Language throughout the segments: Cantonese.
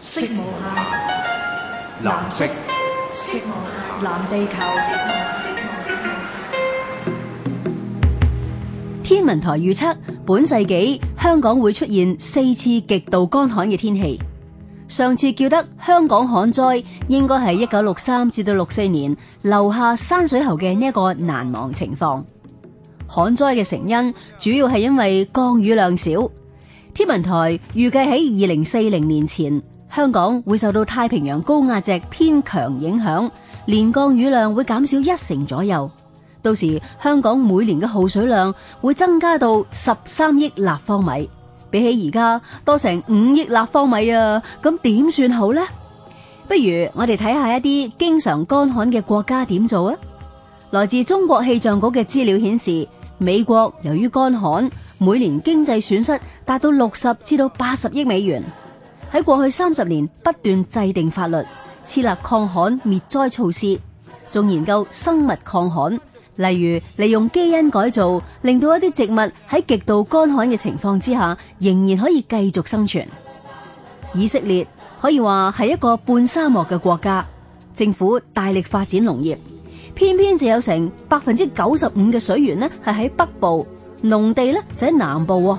色無下，藍色，色無下，藍地球。天文台預測，本世紀香港會出現四次極度乾旱嘅天氣。上次叫得香港旱災，應該係一九六三至到六四年留下山水喉嘅呢一個難忘情況。旱災嘅成因主要係因為降雨量少。天文台預計喺二零四零年前。香港會受到太平洋高壓脊偏強影響，連年降雨量會減少一成左右。到時香港每年嘅耗水量會增加到十三億立方米，比起而家多成五億立方米啊！咁點算好呢？不如我哋睇下一啲經常乾旱嘅國家點做啊！來自中國氣象局嘅資料顯示，美國由於乾旱，每年經濟損失達到六十至到八十億美元。喺過去三十年不斷制定法律，設立抗旱滅災措施，仲研究生物抗旱，例如利用基因改造，令到一啲植物喺極度乾旱嘅情況之下，仍然可以繼續生存。以色列可以話係一個半沙漠嘅國家，政府大力發展農業，偏偏就有成百分之九十五嘅水源呢係喺北部，農地呢就喺南部。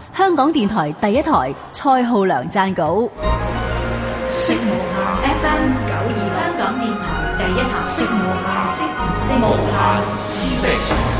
香港電台第一台，蔡浩樑撰稿。F M 九二六，香港電台第一台。